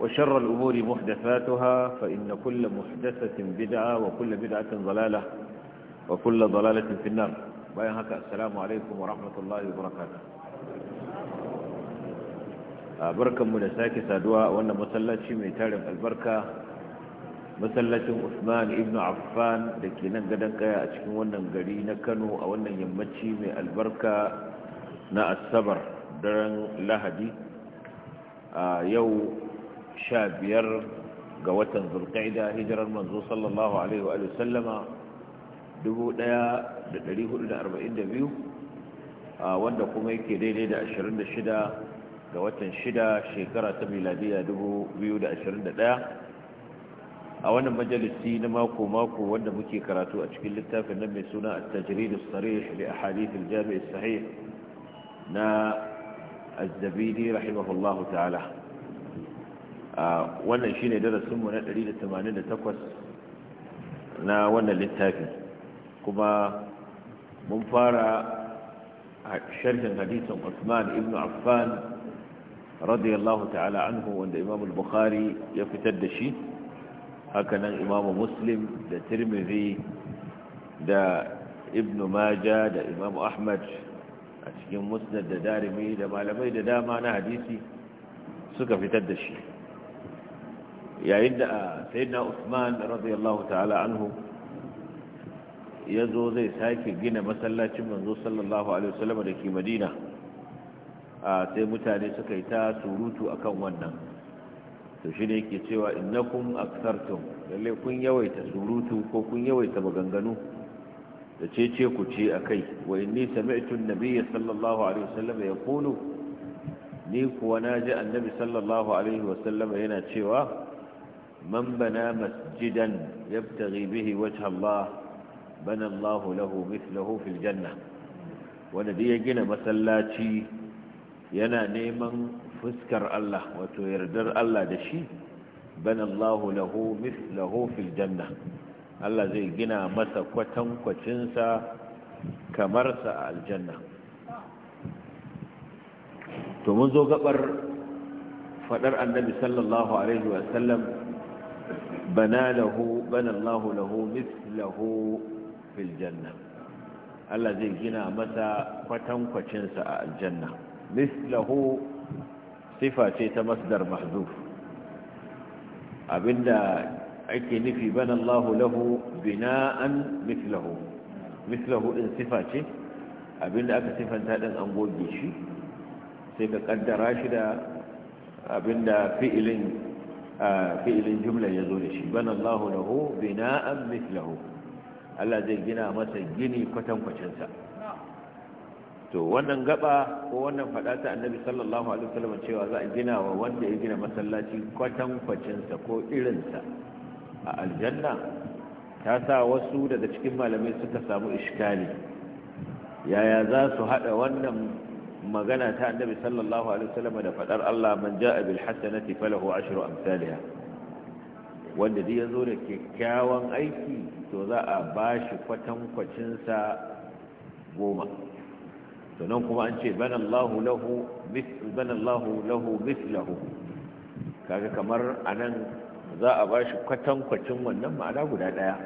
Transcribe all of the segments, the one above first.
وشر الأمور محدثاتها فإن كل محدثة بدعة وكل بدعة ضلالة وكل ضلالة في النار بيهك السلام عليكم ورحمة الله وبركاته بركة من ساكي سادواء وأن مسلاتي من تارم البركة مسلاتي عثمان ابن عفان لكي ننقدن كيا أشكي ونن قرينا كانوا أو أن يمتشي من البركة نا السبر درن لهدي يو sha biyar ga watan zulqa'ida hijirar manzo sallallahu alaihi wa sallama 1442 wanda kuma yake daidai da 26 ga watan 6 shekara ta miladiya 2021 a wannan majalisi na mako mako wanda muke karatu a cikin littafin nan mai suna at-tajrid as-sarih li ahadith al-jami' as-sahih na az-zabidi rahimahullahu ta'ala wannan shine darasinmu na 188 na wannan littafi kuma mun fara sharhin hadisin Usman ibn Affan radiyallahu ta'ala anhu wanda Imam bukhari ya fitar da shi hakanan Imam Muslim da Tirmidhi da Ibn maja da Imam Ahmad a cikin Musnad da Darimi da malamai da dama na hadisi suka fitar da shi yayin da ah, sayyidina Usman radiyallahu ta'ala anhu ya zo zai sake gina masallacin manzo sallallahu alaihi wasallam da ke Madina ah, sai mutane suka yi ta surutu akan wannan to shi ne yake cewa innakum aksartum lalle kun yawaita surutu ko kun yawaita maganganu da ce ku ce akai wa inni sami'tu an-nabiyya sallallahu alaihi wasallam yaqulu ni kuwa naji annabi sallallahu alaihi wasallam yana cewa من بنى مسجدا يبتغي به وجه الله بنى الله له مثله في الجنة ونبي جنا مسلاتي ينا نيما فسكر الله وتيردر الله دشي بنى الله له مثله في الجنة الله زي جنا مسا كوتن كوتنسا كمرسا الجنة to mun zo gabar fadar annabi sallallahu alaihi wasallam bana lahu lahu mislahu fil Allah zai gina masa kwatankwacin a aljanna mislahu sifa ce ta masdar mahzuf abinda ake nufi bana Allahu lahu bina'an mislahu mislahu din sifa ce abinda aka sifanta din an goge shi sai ka kaddara shi da abinda fi'ilin fi'ilin jumla ya zo da shi bana Allahu lahu bina'an mithlahu Allah zai gina masa gini kwatankwacin to wannan gaba ko wannan fada ta Annabi sallallahu alaihi wasallam cewa za a gina wa wanda ya gina masallaci kwatankwacinsa ko irinsa. a aljanna ta sa wasu daga cikin malamai suka samu iskali yaya za su hada wannan magana ta annabi sallallahu alaihi wasallam da fadar Allah man jaa bil hasanati falahu ashru amsalha wanda dai yazo da kyakkyawan aiki to za a bashi kwatan kwacin sa goma to nan kuma an ce bana Allahu lahu mithl bana Allahu lahu mithlahu kaga kamar anan za a bashi kwatan kwacin wannan ma'ana guda daya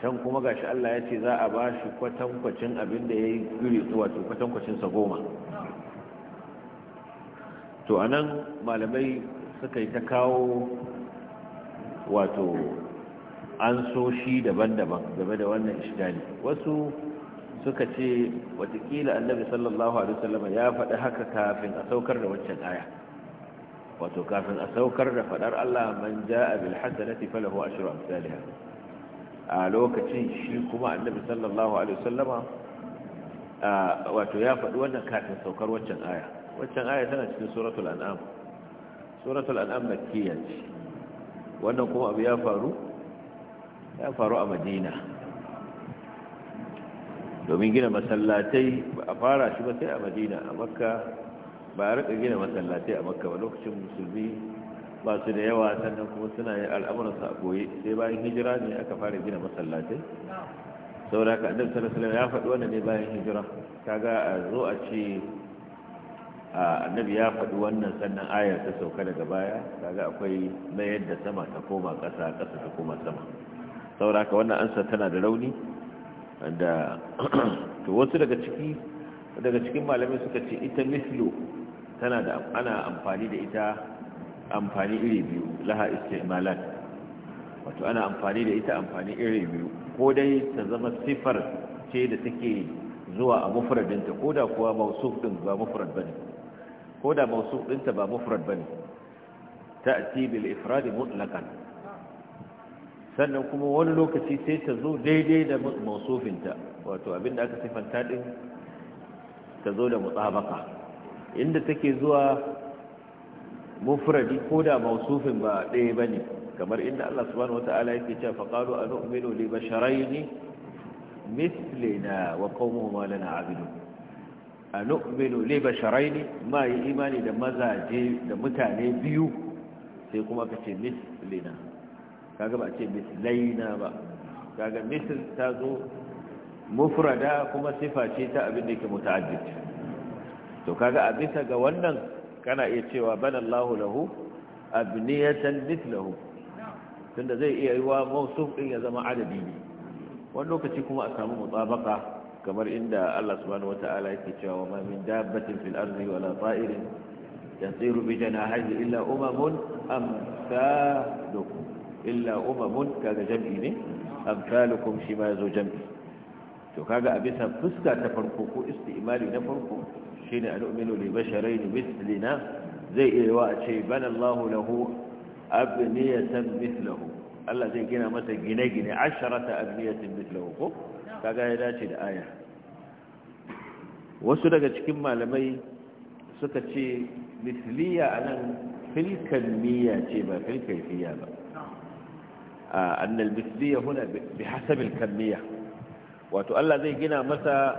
can kuma gashi Allah ya ce za a ba shi kwatankwacin abin da ya yi guri wato kwatankwacinsa goma to a nan malamai suka yi ta kawo wato an so shi daban-daban game da wannan ishidali wasu suka ce watakila annabi sallallahu alaihi wasallam ya faɗi haka kafin a saukar da waccan aya wato kafin a saukar da faɗar Allah man ja'a bil hasanati falahu ashru amsalha a lokacin shi kuma annabi sallallahu alaihi wasallama wato ya faɗi wannan kafin saukar waccan aya waccan aya tana cikin suratul an'am suratul an'am makkiya ce wannan kuma abu ya faru ya faru a madina domin gina masallatai a fara shi ba sai a madina a makka ba a rika gina masallatai a makka ba lokacin musulmi ba su da yawa sannan kuma suna yin al'amuransu a goye sai bayan hijira ne aka fara gina masallatai saboda haka annabi sallallahu alaihi wasallam ya faɗi wannan ne bayan hijira Ta ga a zo a ce annabi ya faɗi wannan sannan ayar ta sauka daga baya kaga akwai mayar da sama ta koma ƙasa ƙasa ta koma sama sauraka wannan ansa tana da rauni da to wasu daga ciki daga cikin malamai suka ce ita mislu tana da ana amfani da ita amfani iri biyu laha istimalat wato ana amfani da ita amfani iri biyu ko dai ta zama sifar ce da take zuwa a mufradinta ko da kuwa mausuf din ba mufrad bane ko da mawsuf ɗinta ba mufrad bane ta'ti bil ifrad sannan kuma wani lokaci sai ta zo daidai da mawsufinta wato abinda aka sifanta ɗin ta zo da mutabaka inda take zuwa mufradi ko da mausufin ba ɗaya ba ne kamar inda Allah subhanahu wa ta'ala yake cewa faqalu anu'minu li basharayn mithlina wa qaumuhuma lana 'abidun a nu'minu li ne? ma yi imani da mazaje da mutane biyu sai kuma ka ce mislina kaga ba ce mislaina ba kaga misl ta zo mufrada kuma sifa ce ta abin da yake muta'addid to kaga a bisa ga wannan kana iya cewa banallahu lahu abniyatan mithlahu tunda zai iya yiwa mawsuf din ya zama adadi ne wani lokaci kuma a samu mutabaka kamar inda Allah subhanahu wata'ala yake cewa wa ma min dabbatin fil ardi wala ta'irin yasiru bi janahihi illa umamun amsalukum illa umamun kaga jam'i ne amsalukum shi ma yazo jam'i to kaga a bisa fuska ta farko ko isti'mali na farko shine al'uminu li basharayn mislina zai iya wa a ce bana Allah lahu abniyatan mithlahu Allah zai gina masa gine-gine asharata abniyatin mithlahu ko kaga ya dace da aya wasu daga cikin malamai suka ce misliya nan filkan miya ce ba filkan fiya ba أن huna bi hasabil الكمية wato Allah zai gina masa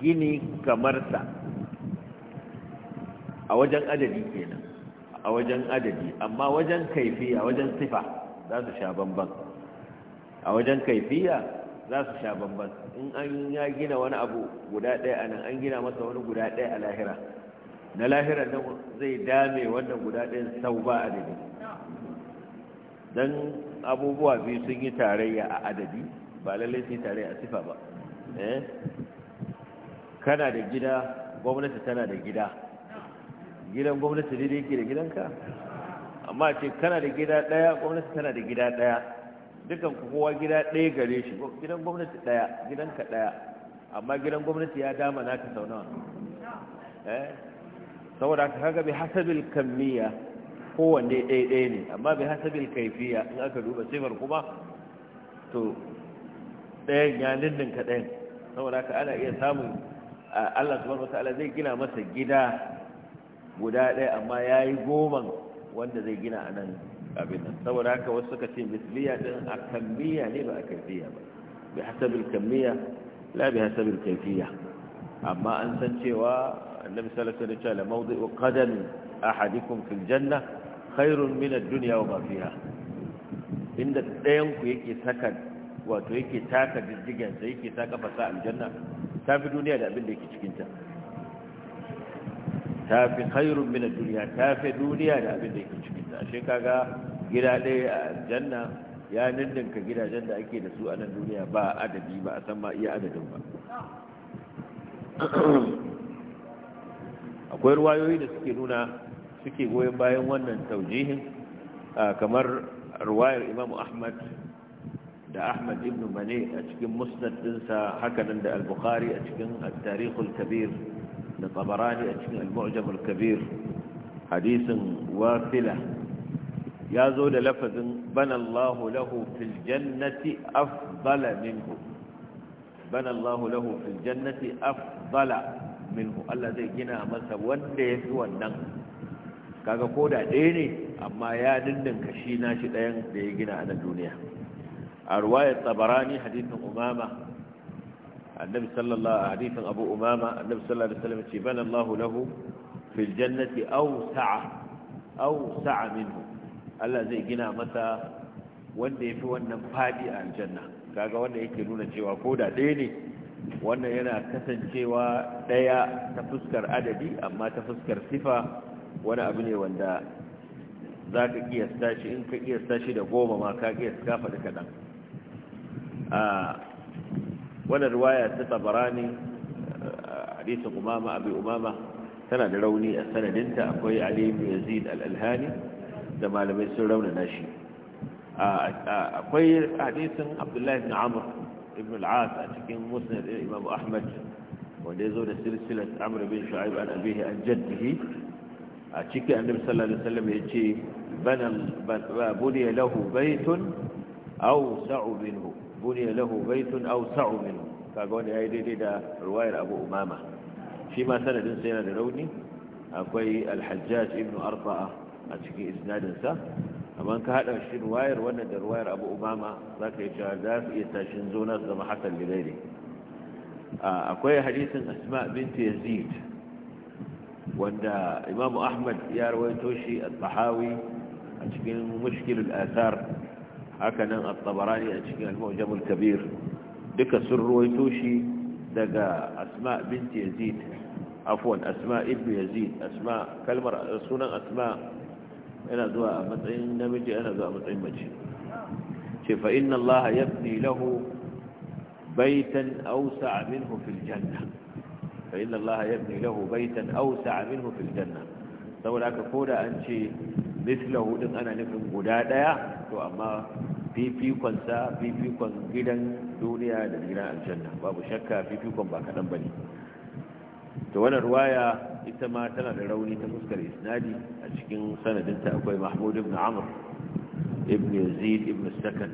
gini kamarsa a wajen adadi kenan a wajen adadi amma wajen kaifiya wajen sifa za su sha bamban a wajen kaifiya za su sha bambam in an ya gina wani abu guda ɗaya a nan an gina masa wani guda ɗaya a lahira na lahira nan zai dame wannan guda ɗayan sau ba adadi don abubuwa biyu sun yi tarayya a adadi ba lallai sun yi tarayya a sifa ba eh? kana da gida gwamnati tana da gida gidan gwamnati ne da yake da gidanka amma ce kana da gida ɗaya gwamnati tana da gida ɗaya dukan kowa gida ɗaya gare shi gidan gwamnati ɗaya gidan ka ɗaya amma gidan gwamnati ya dama na ka saunawa eh saboda ka kaga bi hasabil kammiya kowanne ɗaya ɗaya ne amma bi hasabil kaifiya in aka duba sifar kuma to ɗayan ya ka ɗayan saboda ka ana iya samun Allah subhanahu wataala zai gina masa gida guda ɗaya amma ya yi goman wanda zai gina a nan abin nan saboda haka wasu suka ce misliya din a kammiya ne ba a kaifiya ba bi hasabil kammiya la bi hasabil kaifiya amma an san cewa annabi sallallahu alaihi wasallam mawdi'u qadam ahadikum fil janna khairun min ad-dunya wa ma fiha inda ɗayan ku yake saka wato yake taka diddigan sai yake taka fasa aljanna ta fi duniya da abin da yake cikin ta ta fi khairun min duniya ta fi duniya da abin da yake cikin ta shi kaga gida ɗaya a aljanna ya nindinka gidajen da ake da su a nan duniya ba adadi ba a san ma iya adadin ba akwai ruwayoyi da suke nuna suke goyon bayan wannan taujihin kamar ruwayar imamu ahmad da ahmad ibn mane a cikin musnad dinsa hakanan da al-bukhari a cikin tarihul tarikhul kabir لطبراني أتكين المعجم الكبير حديث وافلة يا زود لفظ بنى الله له في الجنة أفضل منه بنى الله له في الجنة أفضل minhu Allah zai gina masa wanda ya fi wannan kaga ko da ɗaya ne amma ya dindinka shi na shi ɗayan da ya gina a nan duniya a ruwayar tabarani hadithin umama النبي صلى الله عليه حديث أبو أمامة النبي صلى الله عليه وسلم بنى الله له في الجنة أوسع أوسع منه Allah zai gina masa wanda ya fi wannan fadi a aljanna kaga wanda yake nuna cewa ko da ɗaya ne wannan yana kasancewa ɗaya ta fuskar adadi amma ta fuskar sifa wani abu ne wanda za ka kiyasta shi in ka kiyasta shi da goma ma ka kiyasta faɗi kaɗan ah, wannan riwaya ta tabarani hadisin umama abi umama tana da rauni a sanadinta akwai ali ibn yazid al-alhani da malamai sun raunana shi akwai hadisin abdullahi ibn amr ibn al-as a cikin musnad imam ahmad wanda ya zo da silsilar amr bin shu'aib an abihi an jaddihi a cikin annabi sallallahu alaihi wasallam ya ce bana buniya lahu baitun aw sa'u minhu buniya lahu baitun tun sa'u minhu kaga wanda yayi daidai da ruwayar Abu Umama shi ma sanadin sa yana da rauni akwai al-Hajjaj ibn Arfa'a a cikin isnadin sa amma ka hada shi ruwayar wannan da ruwayar Abu Umama zaka yi cewa za su iya tashin zona su zama hakan lilaili akwai hadisin Asma bint Yazid wanda Imam Ahmad ya rawaito shi al-Tahawi a cikin mushkilul athar haka nan at-tabarani a cikin al-mu'jam kabir duka sun ruwaito shi daga asma bint yazid afwan asma ibn yazid asma kalmar sunan asma yana zuwa a matsayin namiji yana zuwa a matsayin mace ce fa inna Allah yabni lahu baitan awsa minhu fil janna fa inna Allah yabni lahu baitan awsa minhu fil janna saboda haka koda an ce mislahu din ana nufin guda daya to amma fifikon sa fifikon gidan duniya da gidan aljanna babu shakka fifikon ba ba bane to wannan ruwaya ita ma tana da rauni ta fuskar isnadi a cikin sanadinta akwai mahmud ibn amr ibn yazid ibn sakan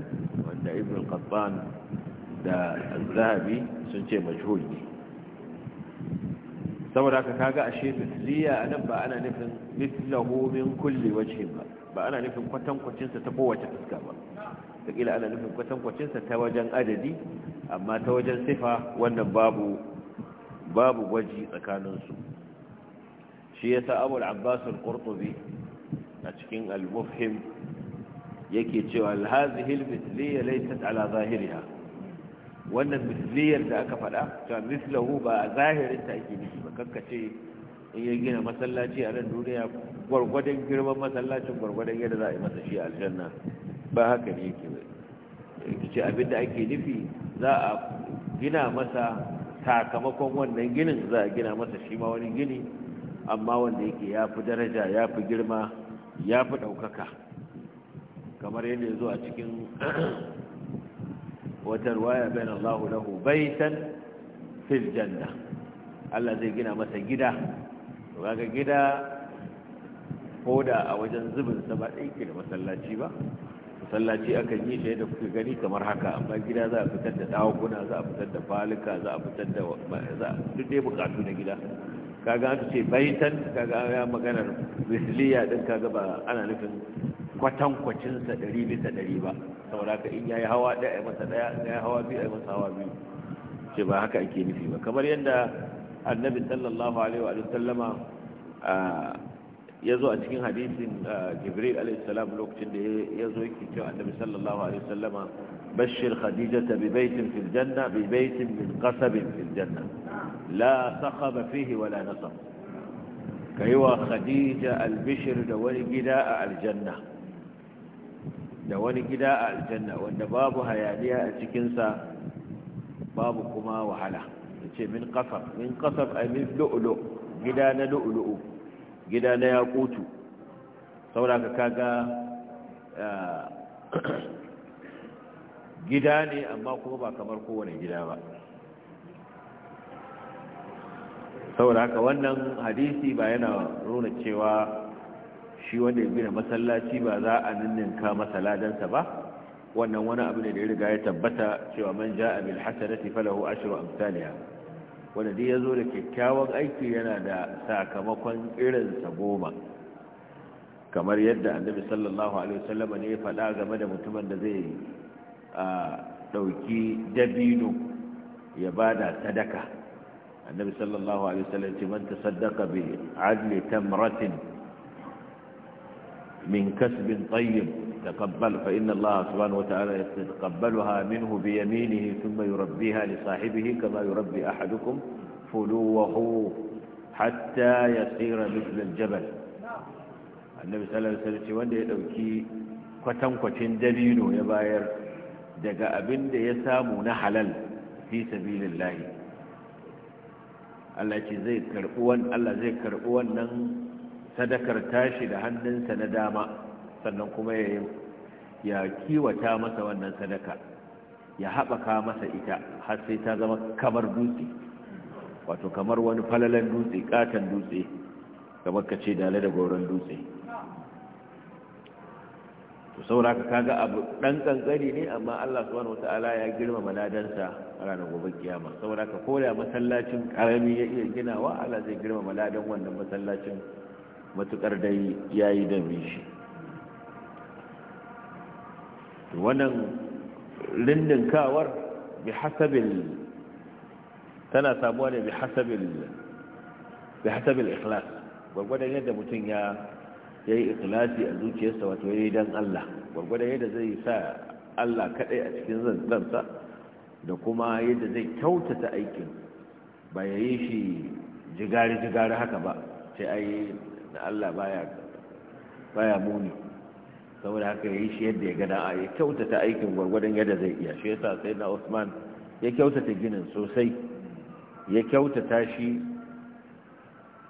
wanda ibn al da al-zahabi sun ce majhul ne saboda haka kaga ashe a nan ba ana nufin mislahu min kulli wajhin ba ba ana nufin kwatankwacin sa ta kowace fuska ba kila ana nufin kwatankwacin sa ta wajen adadi amma ta wajen sifa wannan babu babu gwaji tsakanin su shi yasa Abu abbas al-Qurtubi a cikin al-Mufhim yake cewa hadhihi al-mithliya laysat ala zahiriha wannan misliyar da aka faɗa ta mislahu ba zahirin ta ake nufi ba ce in ya gina masallaci a nan duniya gwargwadon girman masallacin gwargwadon yadda za a yi masa shi a aljanna ba haka ne yake ba ce abin da ake nufi za a gina masa sakamakon wannan ginin za a gina masa shi ma wani gini amma wanda yake ya fi daraja ya fi girma ya fi ɗaukaka kamar yadda ya zo a cikin wata ruwaya bayan Allah lahu baitan fil janna Allah zai gina masa gida to kaga gida hoda a wajen zubin sa ba da masallaci ba masallaci akan yi shi da kuke gani kamar haka amma gida za a fitar da ɗakuna za a fitar da falika za a fitar da za duk dai bukatu na gida kaga an ce baitan kaga ya maganar misliya din kaga ba ana nufin kwatankwacinsa ɗari bisa ɗari ba saboda ka in ya yi hawa ɗaya masa ɗaya ya hawa biyu a masa hawa biyu ce ba haka ake nufi ba kamar yadda annabi sallallahu alaihi wa sallama ya zo a cikin hadisin jibril alaihi salam lokacin da ya zo yake cewa annabi sallallahu alaihi wa sallama bashir ta bi baitin fil janna bi baitin min qasabin fil janna la sakhaba fihi wala nasab kaiwa khadija albishir da wani gida a aljanna da wani gida a aljanna wanda babu hayaniya a cikinsa babu kuma wahala ya ce min kasar min kasar a min lu'ulu gida na lu'ulu'u gida na yakutu ka kaga eh, gida ne amma kuma ba kamar kowane gida ba haka wannan hadisi ba yana nuna cewa shi wanda ya gina masallaci ba za a ninninka masaladansa ba wannan wani abu ne da ya riga ya tabbata cewa man a bil hasanati falahu ashru amsalha wanda dai yazo da kyakkyawan aiki yana da sakamakon irin sa goma kamar yadda annabi sallallahu alaihi wasallam ne ya faɗa game da mutumin da zai a dauki dabino ya bada sadaka annabi sallallahu alaihi wasallam ce man tasaddaqa bi adli tamratin من كسب طيب تقبل فإن الله سبحانه وتعالى يتقبلها منه بيمينه ثم يربيها لصاحبه كما يربي أحدكم فلوه حتى يصير مثل الجبل النبي صلى الله عليه وسلم wanda ya dauki kwatankwacin dalilo ya bayar daga abin da ya samu na halal fi sabilillah Allah zai Allah zai karbi wannan sadakar tashi da hannunsa na dama sannan kuma ya kiwata masa wannan sadaka ya haɓaka masa ita har sai ta zama kamar dutse wato kamar wani falalan dutse katon dutse kamar ka ce dale da goron dutse to sauraka kaga abu dan kankari ne amma Allah subhanahu wataala ya girmama maladansa a ranar gobe kiyama sauraka ko da masallacin karami ya iya ginawa Allah zai girmama ladan wannan masallacin matukar dai ya yi domin shi wannan lindinkawar bi tana samuwa ne bi hasabil ikhlas gwargwadon yadda mutum ya ya yi ikhlasi a zuciyarsa wato ya yi don Allah gwargwadon yadda zai sa Allah kaɗai a cikin zansa da kuma yadda zai kyautata aikin ba ya yi shi jigari-jigari haka ba sai a da Allah baya baya muni saboda haka yi shi yadda ya gada a ya kyautata aikin gwargwadon yadda zai iya shi yasa sai na Usman ya kyautata ginin sosai ya kyautata shi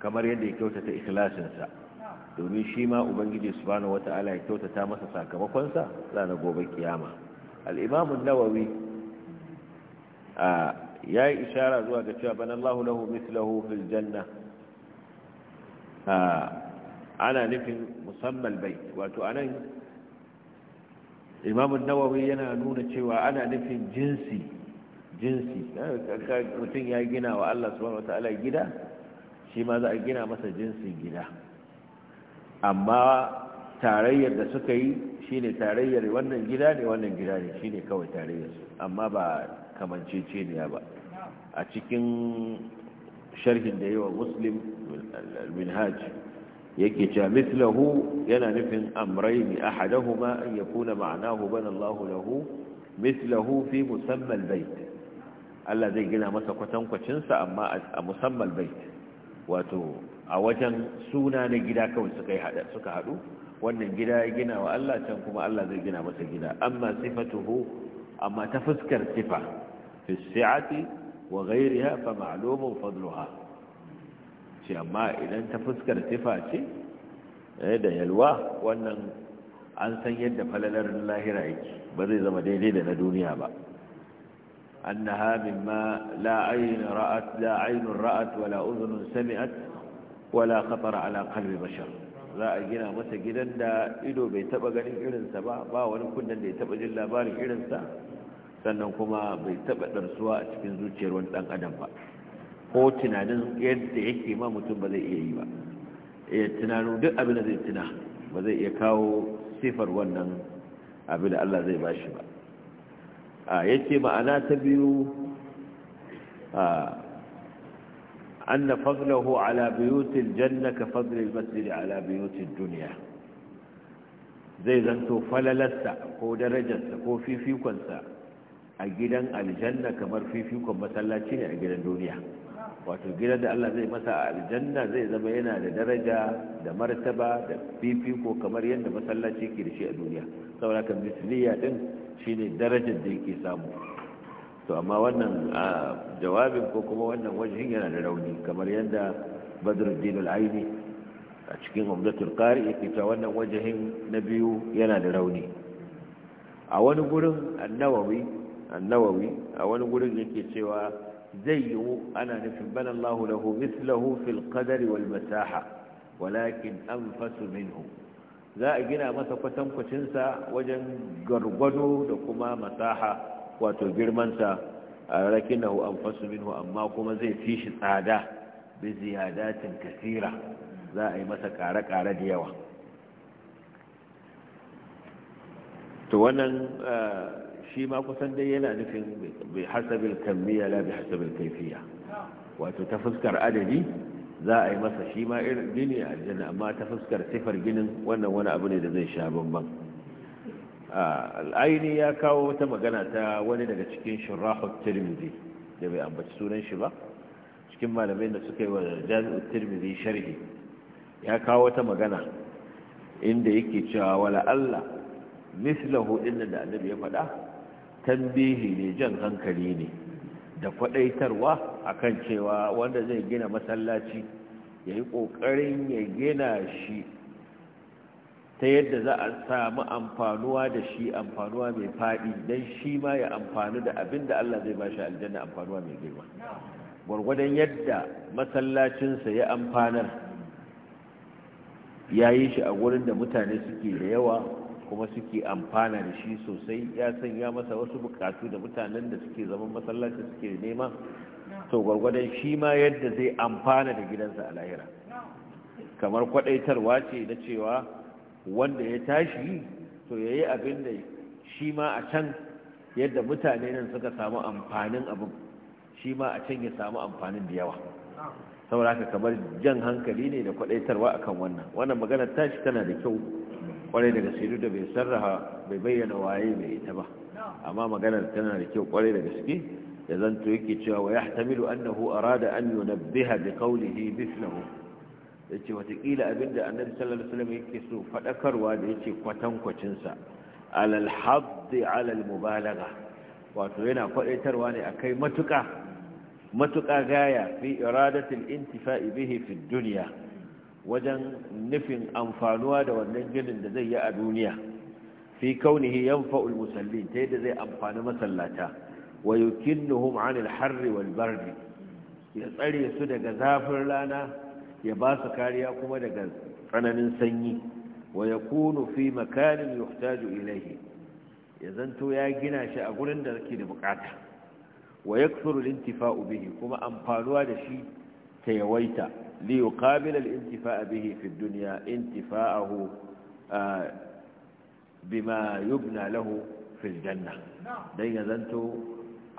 kamar yadda ya kyautata ikilasinsa domin shi ma ubangiji wata ala ya kyautata masa sakamakonsa ranar gobe kiyama al'imamun nawawi ya yi ishara zuwa ga cewa banan lahu lahu mithlahu fil janna ana nufin musamman bai wato anan imamun nawawi yana nuna cewa ana nufin jinsi jinsi mutum ya gina wa Allah subhanahu ta'ala gida shi ma za a gina masa jinsin gida amma tarayyar da suka yi shi ne tarayyar wannan gida ne wannan gida ne shi ne kawai tarayyar su amma ba kamanceceniya ne ba a cikin sharhin da yawa muslim al-minhaj yake cewa mislahu yana nufin amraini ahaduhuma an yakuna ma'anahu bana Allah lahu mislahu fi musammal bait Allah zai gina masa kwatankwacin sa amma a musammal bait wato a wajen suna na gida kawai suka hada suka hadu wannan gida ya gina wa Allah can kuma Allah zai gina masa gida amma sifatuhu amma ta fuskar sifa fi si'ati wa ghayriha fa ma'lumun fadluha ce amma idan ta fuskar sifa ce eh, da yalwa wannan an san yadda falalar lahira yake ba zai zama daidai da na duniya ba an mimma la ayn ra'at la ayn ra'at wala udhun sami'at wala khatara ala qalbi bashar za a gina masa gidan da ido bai taba ganin irinsa ba ba wani kunnan da ya taba jin labarin irinsa sannan kuma bai taba darsuwa a cikin zuciyar wani dan adam ba ko tunanin yadda yake ma mutum ba zai iya yi ba ya eh, tunanu duk abin da zai tuna ba zai iya kawo sifar wannan abin da Allah zai bashi ba a ah, yake ma'ana ta biyu a ah, anna fadlahu ala buyutil janna ka fadlil masjid ala buyutid dunya zai zanto falalarsa ko darajarsa ko fifikonsa a gidan aljanna kamar fifikon masallaci ne a gidan duniya wato gidan da Allah zai masa a aljanna zai zama yana da daraja da martaba da fifiko kamar yadda masallaci ke da shi a duniya saboda kan bisniya din shine darajar da yake samu to amma wannan jawabin ko kuma wannan wajen yana da rauni kamar yadda badruddin al-aini a cikin umdatul qari yake cewa wannan wajen na biyu yana da rauni a wani gurin annawawi annawawi a wani gurin yake cewa zai yiwu ana nufin bana Allahu lahu mislahu fil qadari wal masaha walakin anfasu minhu za a gina masa kwatankwacin wajen gargwado da kuma masaha wato girman sa lakinahu anfasu minhu amma kuma zai fi shi tsada bi ziyadatin kasira za a yi masa ƙare kare da yawa to eh, shi ma kusan dai yana nufin bi hasabin kammiya la bi hasabil kaifiya wato ta fuskar adadi za a yi masa shi ma irin gini a aljanna amma ta fuskar sifar ginin wannan wani abu ne da zai sha bambam. al'aini ya kawo wata magana ta wani daga cikin shirahun tirmidhi da bai ambaci sunan shi ba cikin malamai da suka yi wa jami'u tirmidhi sharhi ya kawo wata magana inda yake cewa wala Allah mislahu inda da annabi ya faɗa tambihi ne jan hankali ne da kwadaitarwa kan cewa wanda zai gina masallaci ya yi kokarin ya gina shi ta yadda za a samu amfanuwa da shi amfanuwa mai faɗi don shi ma ya amfani da abin da Allah zai ba shi aljanna amfanuwa mai girma gwargwadon yadda masallacinsa ya amfanar ya yi shi a wurin da mutane suke da yawa kuma suke amfana da shi sosai ya sanya masa wasu bukatu da mutanen da suke zaman masallaci suke nema to gwargwadon shi ma yadda zai amfana da gidansa a lahira kamar kwadaitarwa ce na cewa wanda ya tashi to ya yi abin da shi ma a can yadda mutane nan suka samu amfanin abin shi ma a can ya samu amfanin da yawa saboda haka kamar jan hankali ne da kwadaitarwa akan wannan wannan maganar tashi tana da kyau kwarai daga gaske da bai sarraha bai bayyana waye mai ita ba amma maganar tana da kyau kwarai da gaske da zanto yake cewa wa yahtamilu annahu arada an yunabbiha bi qawlihi mithluhu yace watakila abinda annabi sallallahu alaihi wasallam yake so fadakarwa da yace kwatankwacin sa alal hadd ala al mubalagha wato yana kwadaitarwa ne akai matuka matuka gaya fi iradatil intifa'i bihi fi dunya wajen nufin amfanuwa da wannan ginin da zai yi a duniya fi kaunihi yanfa'ul musallin ta yadda zai amfani masallata wa yukinnuhum 'anil harri wal bardi ya tsare su daga zafin rana ya ba su kariya kuma daga tsananin sanyi wa yakunu fi makanin yuhtaju ilayhi ya zanto ya gina shi a gurin da ke da bukata wa yakthuru lintifa'u bihi kuma amfanuwa da shi ta yawaita ليقابل الانتفاء به في الدنيا انتفاءه بما يبنى له في الجنة دين ذنته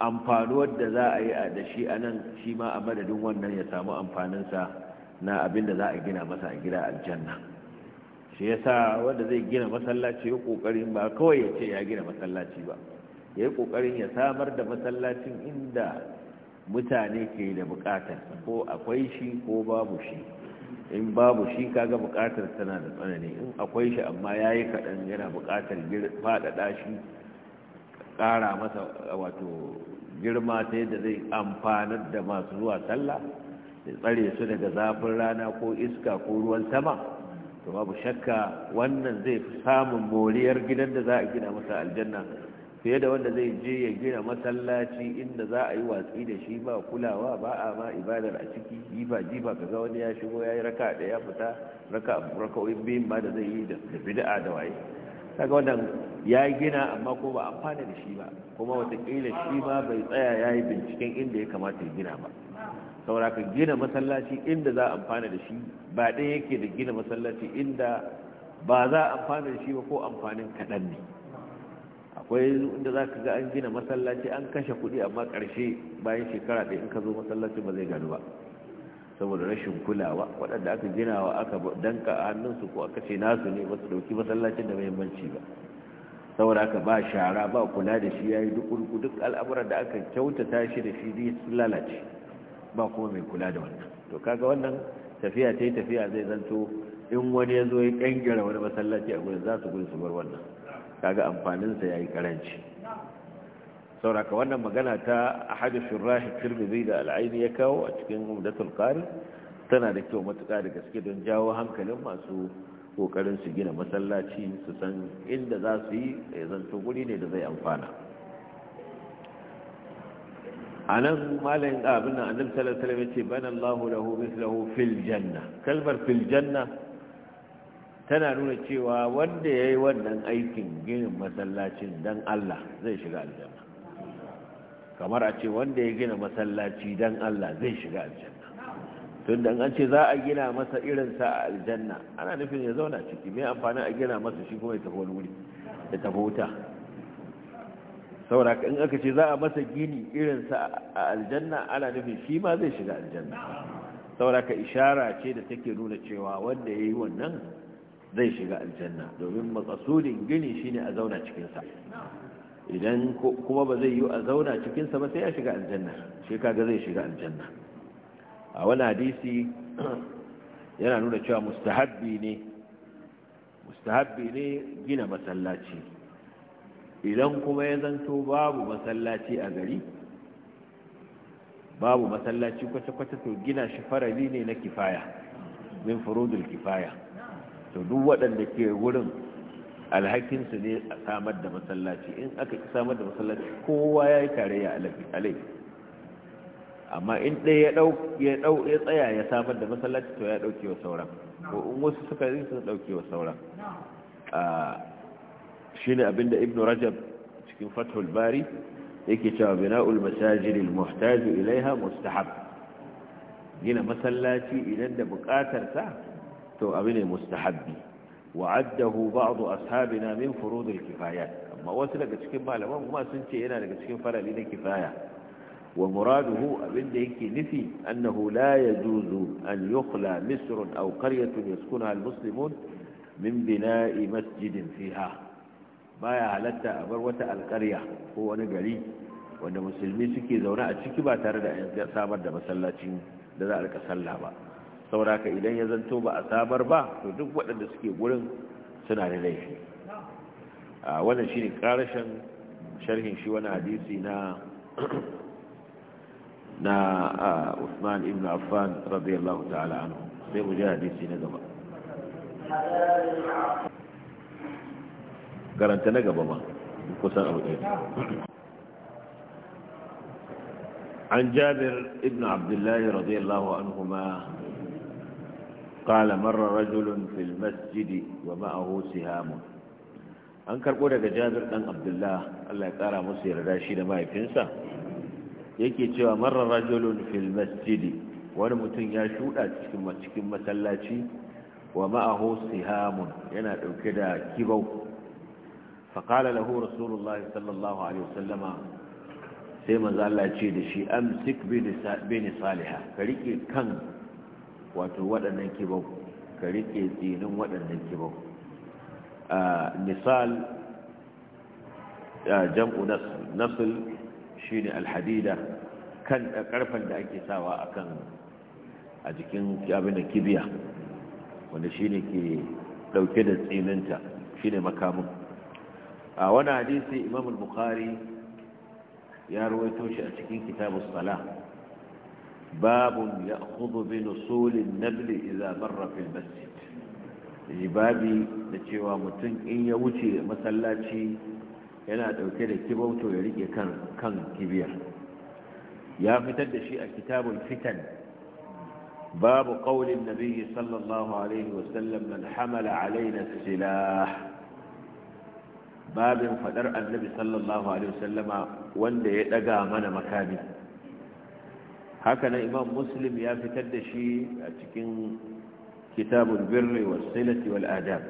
amfanuwar da za a yi da shi a nan shi ma a madadin wannan ya samu amfanin sa na abin da za a gina masa a gida aljanna shi ya sa wanda zai gina masallaci ya kokarin ba kawai ya ce ya gina masallaci ba ya yi kokarin ya samar da masallacin inda mutane ke da bukatar ko akwai shi ko babu shi in babu shi kaga bukatar tana da tsanani in akwai shi amma ya yi kaɗan yana bukatar faɗaɗa shi ƙara masa wato girma ta yadda zai amfanar da masu zuwa sallah da tsare su daga zafin rana ko iska ko ruwan sama to babu shakka wannan zai fi samun moriyar gidan da za a gina masa aljanna fiye da wanda zai je ya gina masallaci inda za a yi watsi da shi ba kulawa ba a ma ibadar a ciki jifa jifa kaga wani ya shigo ya yi raka da ya fita raka biyun ba da zai yi da bid'a da waye kaga wannan ya gina amma ko ba amfana da shi ba kuma watakila shi ma bai tsaya ya yi binciken inda ya kamata ya gina ba saboda ka gina masallaci inda za a amfana da shi ba ɗaya yake da gina masallaci inda ba za a amfana da shi ba ko amfanin kaɗan ne akwai inda za ka ga an gina masallaci an kashe kudi amma karshe bayan shekara ɗaya in ka zo masallaci ba zai gani ba saboda rashin kulawa waɗanda aka ginawa aka danka a hannunsu ko aka ce nasu ne ba su ɗauki masallacin da muhimmanci ba saboda aka ba shara ba kula da shi ya yi duk duk al'amuran da aka kyautata shi da shi sun lalace ba kuma mai kula da wannan to kaga wannan tafiya ta tafiya zai zanto in wani ya zo ya ƙyangira wani masallaci a gudun za su gudu su bar wannan kaga amfaninsa ya yi karanci sauraka wannan magana ta ahadu shirrahi zai da al'aini ya kawo a cikin umdatul qari tana da kyau matuka da gaske don jawo hankalin masu kokarin su gina masallaci su san inda za su yi ya zanto guri ne da zai amfana a nan malayin abin nan annabi sallallahu alaihi wasallam ce bana Allahu lahu fil janna kalmar fil janna tana nuna cewa wanda ya yi wannan aikin ginin masallacin don Allah zai shiga aljanna kamar a ce wanda ya gina masallaci don Allah zai shiga aljanna tun da an ce za a gina masa irinsa a aljanna ana nufin ya zauna ciki mai amfani a gina masa shi kuma ya tafi wani wuri ya tafi wuta sauraka in aka ce za a masa gini irinsa a aljanna ana nufin shi ma zai shiga aljanna ka ishara ce da take nuna cewa wanda ya yi wannan zai shiga aljanna domin makasudin gini shine a zauna cikinsa idan kuma ba zai yi a zauna cikinsa ba sai ya shiga aljanna shi kaga zai shiga aljanna a wani hadisi yana nuna cewa mustahabbi ne mustahabbi ne gina masallaci idan kuma ya zanto babu masallaci a gari babu masallaci kwata-kwata to gina shi farari ne na kifaya min furudul kifaya to duk waɗanda ke wurin alhakinsu ne a samar da masallaci in aka samar da masallaci kowa ya yi tarayya a laifi amma in ɗaya ya ɗau ya tsaya ya samar da masallaci to ya ɗauke wa sauran ko in wasu suka yi sun ɗauke wa sauran shi ne abinda ibn rajab cikin fathul bari yake cewa bina'ul masajidil muhtaju ilaiha mustahab gina masallaci idan da buƙatarsa تو أبني مستحبي وعده بعض أصحابنا من فروض الكفايات أما وصل لك لكتكين ما لما ما سنتي هنا لك لكتكين فرع لنا كفاية ومراده أبن ذلك نفي أنه لا يجوز أن يخلى مصر أو قرية يسكنها المسلمون من بناء مسجد فيها ما يعلت أبروة القرية هو نقلي وأن مسلمي سكي زوناء تكي با ترد أن تصابر دمسلاتين لذلك سلابا sauraka idan ya zanto ba a sabar ba to duk waɗanda suke gurin suna da laifi a wannan shi ne ƙarashen sharhin shi wani hadisi na na Usman ibn Affan radiyallahu ta'ala anhu sai mu ji hadisi na gaba garanta na gaba ma kusan abu ɗaya عن جابر ابن عبد الله رضي الله عنهما قال مر رجل في المسجد ومعه سهام an karɓo daga jabir ɗan abdullah allah ya kara musu yarda shi da mahaifinsa yake cewa marar rajulun fil masjidi wani mutum ya shuɗa cikin masallaci wa ma'ahu sihamun yana ɗauke da kibau faƙala lahu rasulullah sallallahu alaihi wasallama sai manzo Allah ce da shi amsik bi salihah ka rike kan wato waɗannan kibau ka rike tsinin waɗannan kibau a misal jam'u nasil shi ne alhadida kan ƙarfen da ake sawa a kan a jikin abin kibiya wanda shi ne ke ɗauke da tsininta shi ne makamun a wani hadisi imamul bukhari ya ruwaito shi a cikin kitabu salah باب يأخذ بنصول النبل إذا مر في المسجد babi da cewa mutum in ya wuce masallaci yana ɗauke da kibauto ya rike kan kibiyar ya fitar da shi a kitabun fitan babu ƙaunin nabi sallallahu alaihi wasallam man hamala alaina silah babin faɗar annabi sallallahu alaihi wasallama wanda ya ɗaga mana makami haka nan imam muslim ya fitar da shi a cikin kitabul birri was silati wal adab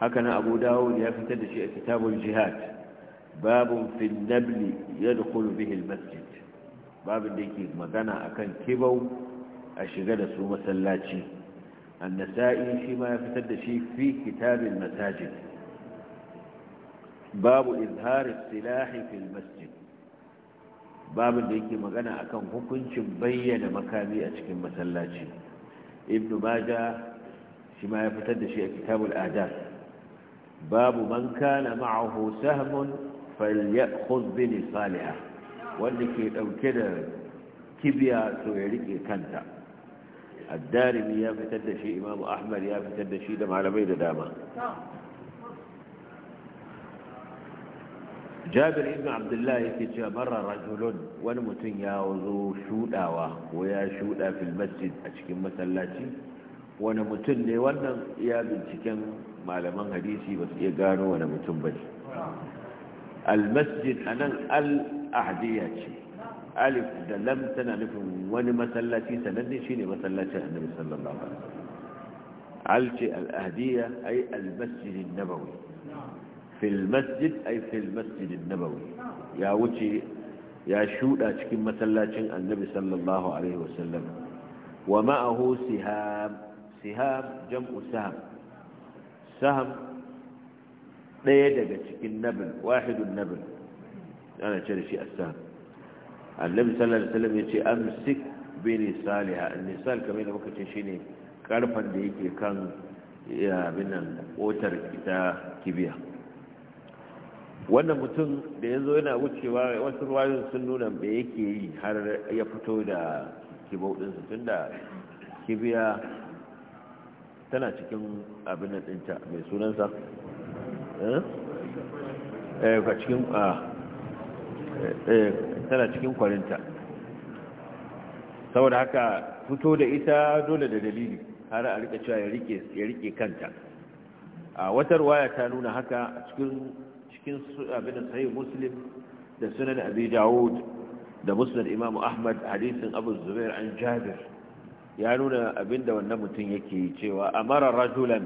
haka nan abu dawud ya fitar da shi a kitabul jihad babun fil nabli yadkhulu bihi al masjid babin da yake magana akan kibau a shiga da su masallaci annasa'i shi ma ya fitar da shi fi kitabul masajid babu izhar as-silah fil masjid babin da yake magana akan hukuncin bayyana makami a cikin masallaci ibnu maja shi ma ya fitar da shi a kitabul adab babu man kana ma'ahu sahmun falyakhudh bi nisaliha wanda ke dauke da kibiya to ya rike kanta addarimi ya fitar da shi imamu ahmad ya fitar da shi da malamai da dama jabir ibn abdullahi yake cewa marar rajulun wani mutum ya zo shudawa ko ya shuda fil masjid a cikin masallaci wani mutum ne wannan ya binciken malaman hadisi ba su iya gano wani mutum ba ne almasjid a nan ahdiya ce alif da lam tana nufin wani masallaci sananne shi ne masallacin annabi sallallahu alaihi wasallam al ce al'ahdiya ai almasjidin nabawi fil masjid ay fil masjid nabawi ya wuce ya shuda cikin masallacin annabi sallallahu alaihi wasallam wa ma'ahu siham siham jam'u saham saham ɗaya daga cikin nabil wahidun nabil ana ce shi as-saham annabi sallallahu alaihi wasallam yace amsik bi nisaliha an-nisal kamar da muka ce shine karfan da yake kan abin nan kotar ita kibiya wannan mutum da yanzu yana wucewa wasu ruwayoyin sun nuna da yake yi har ya fito da kibau tun da kibiya tana cikin abin da ɗinta mai sunansa eh? Eh, eh, tana cikin kwarinta saboda haka fito da ita dole da dalili har a rika cewa ya rike kanta a watar waya ta nuna haka a cikin cikin abin sahih muslim da sunan abi dawud da musnad imam ahmad hadisin abu zubair an jabir ya nuna abin da wannan mutum yake cewa amara rajulan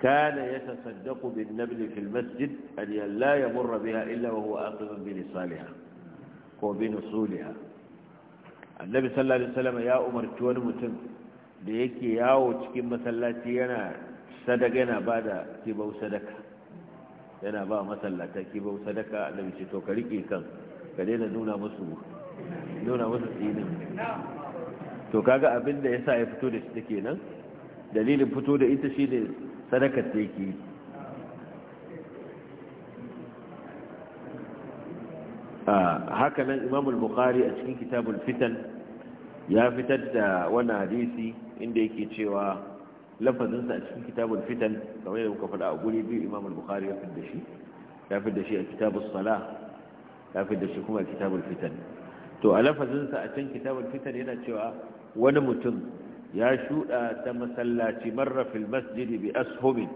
kana yatasaddaqu bin nabl fil masjid an la yamurra biha illa wa huwa aqim bi lisaliha ko bi nusuliha annabi sallallahu alaihi wasallam ya umarci wani mutum da yake yawo cikin masallaci yana sadaka yana bada kibau sadaka yana ba masallata kibau sadaka da ce to ka rike kan ka daina nuna musu nuna musu tsinin to kaga abin da yasa ya fito da shi take nan dalilin fito da ita shine sadakar da yake yi haka nan imam al-bukhari a cikin kitabul fitan ya fitar da wani hadisi inda yake cewa لفظنا في كتاب الفتن كما يكفى الأقولي بي إمام البخاري في يفد لا في شيء كتاب الصلاة يفد شيء كما كتاب الفتن تو ألفظنا في كتاب الفتن هنا شواء ونمتن يا شوء تمثلات مرة في المسجد بأسهم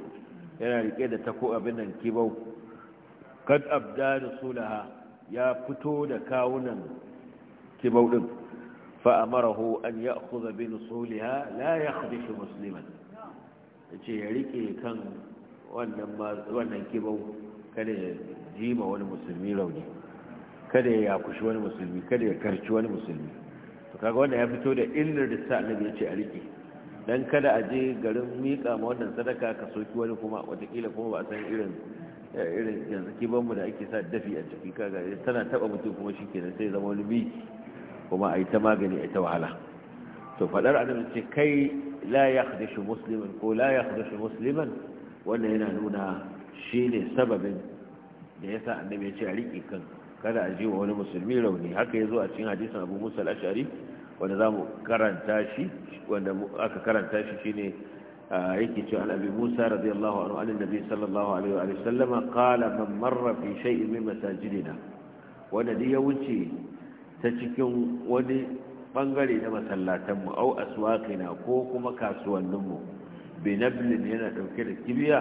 هنا لكي تكوء بنا الكبو قد أبدى رسولها يا فتود كاونا كبو فأمره أن يأخذ بنصولها لا يخدش مسلماً ce ya rike kan wannan kibau kada ya jima wani musulmi rauni kada ya yakushi wani musulmi kada ya karci wani musulmi to kaga wannan ya fito da illar da sa annabi ya ce a rike dan kada a je garin miƙa ma wannan sadaka ka soki wani kuma watakila kuma ba a san irin eh, irin yanzu mu da ake sa dafi a ciki kaga tana taba mutum kuma shi sai zama wani miki kuma a yi ta magani a ta wahala to faɗar annabi ce kai la yakhdishu musliman ko la yakhdishu musliman wannan yana nuna shine sababin da yasa annabi ya ce a riƙe kan kada a wa wani musulmi rauni haka yazo a cikin hadisin Abu Musa al-Ash'ari wanda zamu karanta shi wanda aka karanta shi shine yake cewa an Abi Musa radiyallahu anhu an annabi sallallahu alaihi wa sallam masajidina wanda duk ya wuce ta cikin wani bangare na masallatanmu au aswaqina ko kuma kasuwanninmu bi nablin yana dauke da kibiya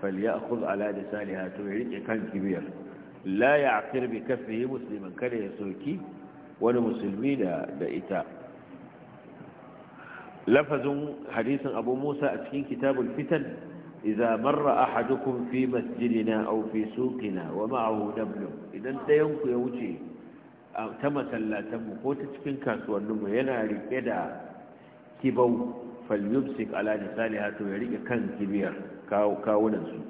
falyakhudh ala lisaniha to rike kan kibiyar la ya'qir bi kaffihi musliman kada ya soki wani musulmi da da ita lafazin hadisin abu musa a cikin kitabul fitan إذا مر أحدكم في مسجدنا أو في سوقنا ومعه نبل إذا أنت ya wuce. ta masallatanmu ko ta cikin kasuwanninmu yana rike da kibau falyumsik ala nisaliha to ya rike kan kibiyar kawunansu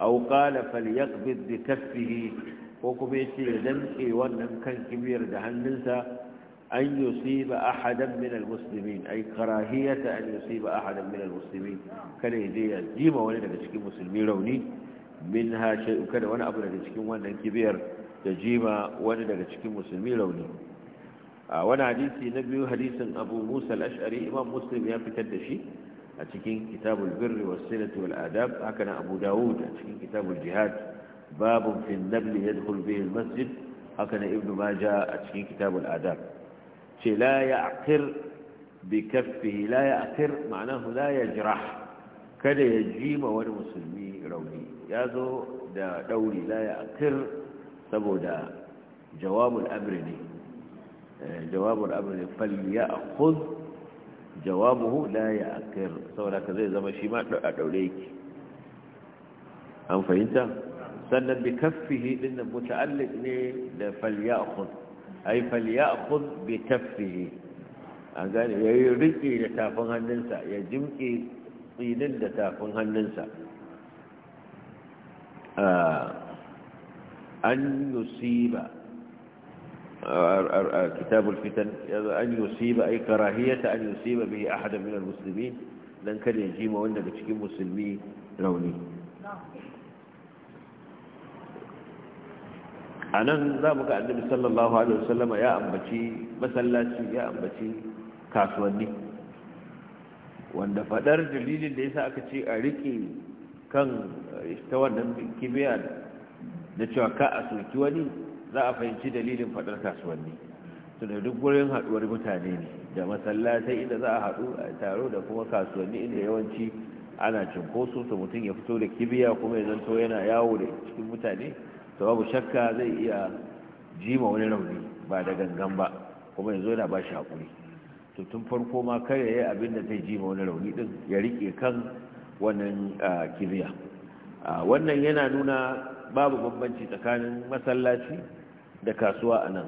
aw qala falyaqbid bi kaffihi ko kuma yace ya damke wannan kan kibiyar da hannunsa an yusiba ahadan min almuslimin ay karahiyata an a hadan min almuslimin kada ya je ya jima wani daga cikin musulmi rauni minha shay'u kada wani abu daga cikin wannan kibiyar da jima wani daga cikin musulmi rauni a wani hadisi na biyu hadisin abu musa al-ash'ari imam muslim ya fitar da shi a cikin kitabul birri was silati wal adab haka na abu dawud a cikin kitabul jihad babun fi nabl yadkhul bihi al-masjid haka na ibnu majah a cikin kitabul adab ce la ya'qir bi kaffihi la ya'qir ma'anahu la yajrah kada ya jima wani musulmi rauni ya zo da dauri la ya'qir saboda jawabul amri ne eh, jawabul amri ne fal jawabu jawabuhu la ya'khir saboda ka zai zama shi ma a daure yake an fahimta sannan bi kaffihi din nan ne da fal ya'khudh ay fal ya'khudh bi kaffihi an gane yayi rike da tafin hannunsa ya jimke tsinin da tafin hannunsa ah, an yusiba كتاب الفتن أن يصيب أي كراهية أن يصيب به أحدا من المسلمين لن كان يجيم وأن بشكل مسلمي روني anan za mu ga annabi sallallahu alaihi wasallam ya ambaci masallaci ya ambaci kasuwanni wanda faɗar dalilin da yasa aka ce a rike kan ta wannan kibiyar na cewa ka a soki wani za a fahimci dalilin faɗar kasuwanni su da duk wurin haɗuwar mutane ne da masallatai inda za a haɗu a taro da kuma kasuwanni inda yawanci ana cinkoso to mutum ya fito da kibiya kuma ya zanto yana yawo da cikin mutane ta babu shakka zai iya jima wani rauni ba da gangan ba kuma ya zo yana ba shi haƙuri to tun farko ma kar ya yi abin da zai jima wani rauni din ya riƙe kan wannan ah, kibiya ah, wannan yana nuna babu bambanci tsakanin masallaci da kasuwa a nan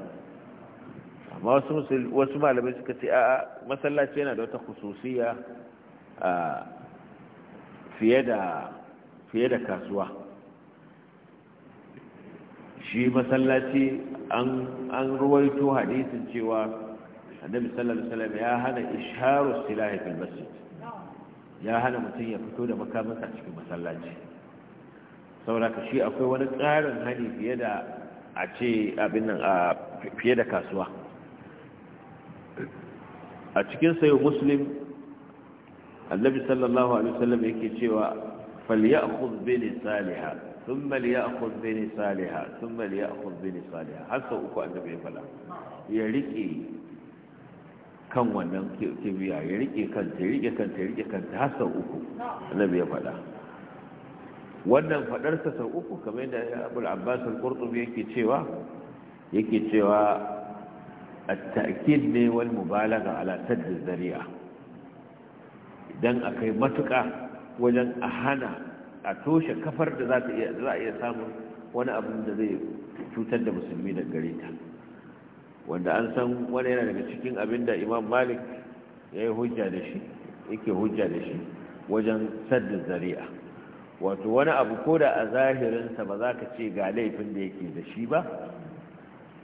amma wasu malamai suka ce a masallaci yana da wata kususiya fiye da kasuwa shi masallaci an ruwaito hadisin cewa annabi misalar alaihi ya hana isharu silahi fil ya hana mutum ya fito da makamansa cikin masallaci sauraka shi akwai wani tsarin hani fiye da a ce abin a fiye da kasuwa a cikin sayo muslim annabi sallallahu alaihi wasallam yake cewa falyakhudh bi lisaliha thumma liyakhudh bi lisaliha thumma liyakhudh bi lisaliha har sau uku annabi ya fada ya rike kan wannan kibiya ya rike kanta ya rike kanta ya rike kanta har sau uku annabi ya fada wannan faɗarsa sau uku kamar yadda abdul abbas al-qurtubi yake cewa yake cewa at-ta'kid ne wal mubalagha ala sadd zari'a idan akai matuƙa wajen a hana a toshe kafar da za ta iya za iya samun wani abin da zai cutar da musulmi da gare ta wanda an san wani yana daga cikin abin da imam malik ya yi hujja da shi yake hujja da shi wajen saddin zari'a wato wani abu ko da a zahirinsa ba za ka ce ga laifin da yake da shi ba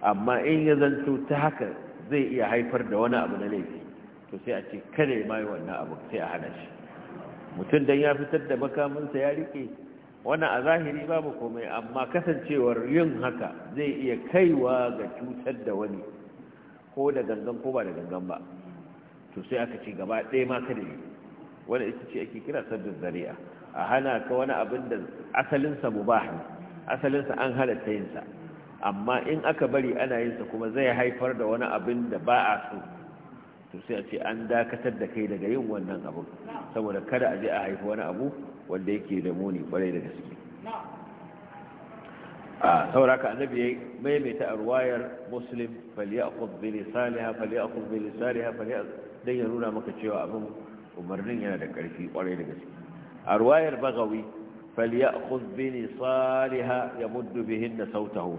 amma in ya zanto ta haka zai iya haifar da wani abu na laifi to sai a ce kare ma yi wannan abu sai a hana shi mutum don ya fitar da makaminsa ya rike wannan a zahiri babu komai amma kasancewar yin haka zai iya kaiwa ga cutar da wani ko da gangan ko ba da gangan ba to sai aka ce gaba ɗaya ma kada ne wani ita ce ake kira sabbin zari'a a hana ka wani abin da asalinsa mubah asalinsa an halatta yinsa amma in aka bari ana yinsa kuma zai haifar da wani abin da ba a so to sai a ce an dakatar da kai daga yin wannan abin saboda kada a je a haifi wani abu wanda yake da muni kwarai da gaske a sauraka annabi ya maimaita a ruwayar muslim falyakhudh bi lisaniha falyakhudh bi lisaniha falyakhudh dan ya nuna maka cewa abin umarnin yana da ƙarfi kwarai da gaske a ruwayar bagawi فليأخذ بنصالها يمد بهن صوته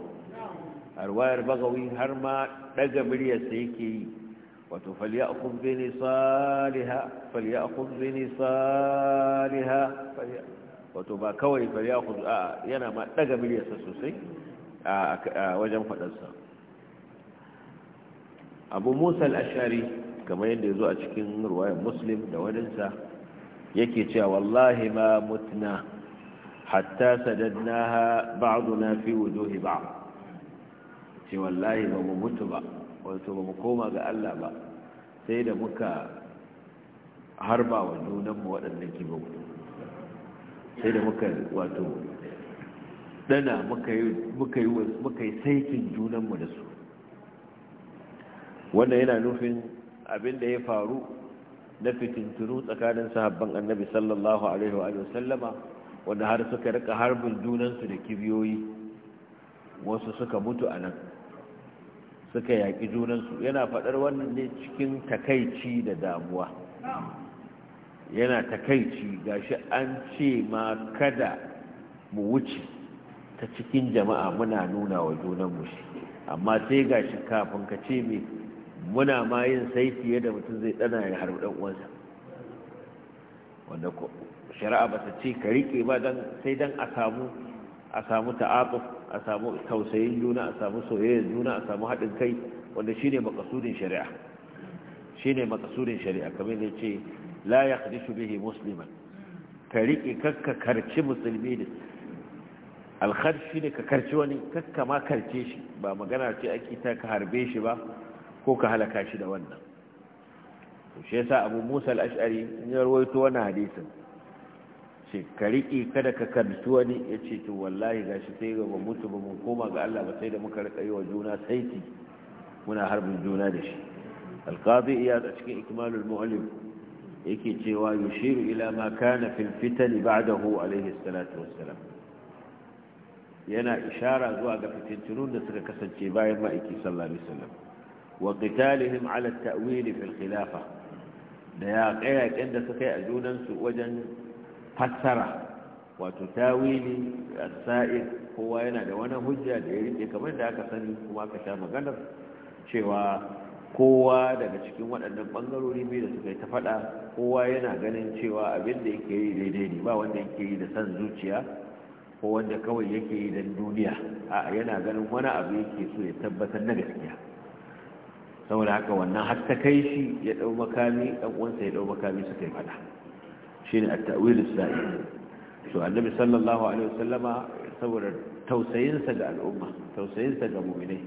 الرواية البغوي هرما نجمري السيكي وتو فليأخذ بنصالها فليأخذ بنصالها وتو ما كوي فليأخذ آه ينا ما نجمري السسوسي آه آه وجم فدنسا أبو موسى الأشعري كما يندزو أشكين رواية مسلم دواننسا yake cewa wallahi ma mutna hatta sadadnaha ba'duna fi wujuhi ba'd ce wallahi ba mu mutu ba wato ba mu koma ga Allah ba sai da muka harba wa junanmu waɗannan kibau sai da muka wato dana muka yi saikin junanmu da su wannan yana nufin abin da ya faru na fitinturu tsakanin sahabban annabi sallallahu alaihi wa sallama wanda har suka rika harbin junansu da kibiyoyi wasu suka mutu a nan suka yaƙi junansu yana faɗar wannan ne cikin takaici da damuwa yana takaici gashi an ce ma kada mu wuce ta cikin jama'a muna nuna wa junanmu shi amma sai gashi kafin ka ce mai muna ma yin sai fiye da mutum zai tsana ya harbi dan uwansa wanda shari'a ba ta ce ka rike ba dan sai dan a samu a samu ta'atuf a samu tausayin juna a samu soyayyar juna a samu haɗin kai wanda shine makasudin shari'a shine makasudin shari'a kamar ne ce la yakhdishu bihi musliman ka riƙe kakka karci musulmi ne alkhar shi ne ka karci wani kakka ma karce shi ba magana ce ake ta ka harbe shi ba ko ka halaka shi da wannan shi yasa abu musa al-ash'ari ya rawaito wannan hadisin ce ka riƙe kada ka karbi wani ya ce to wallahi gashi sai ga mutu ba mun koma ga Allah ba sai da muka riƙa yi wa juna saiti muna harbin juna da shi alqadi iyad a cikin ikmalul mu'allim yake cewa yushiru ila ma kana fil fitan ba'dahu alayhi salatu wassalam yana ishara zuwa ga fitintunun da suka kasance bayan ma'aiki sallallahu alaihi wasallam wa qitalihim ala at-ta'wil fi al-khilafa da ya kayakin da suka yi a junansu wajen fassara wato tawili as-sa'id kowa yana da wani hujja da ya rike kamar da aka sani kuma aka maganar cewa kowa daga cikin waɗannan ɓangarori biyu da suka yi ta faɗa kowa yana ganin cewa abin da yake yi daidai ne ba wanda yake yi da san zuciya ko wanda kawai yake yi don duniya a'a yana ganin wani abu yake so ya tabbatar na gaskiya saboda haka wannan har ta kai shi ya ɗau makami dan uwansa ya ɗau makami suka yi fada shine at-ta'wil as-sa'i annabi sallallahu alaihi wasallama saboda tausayinsa ga al'umma tausayinsa ga mu'minai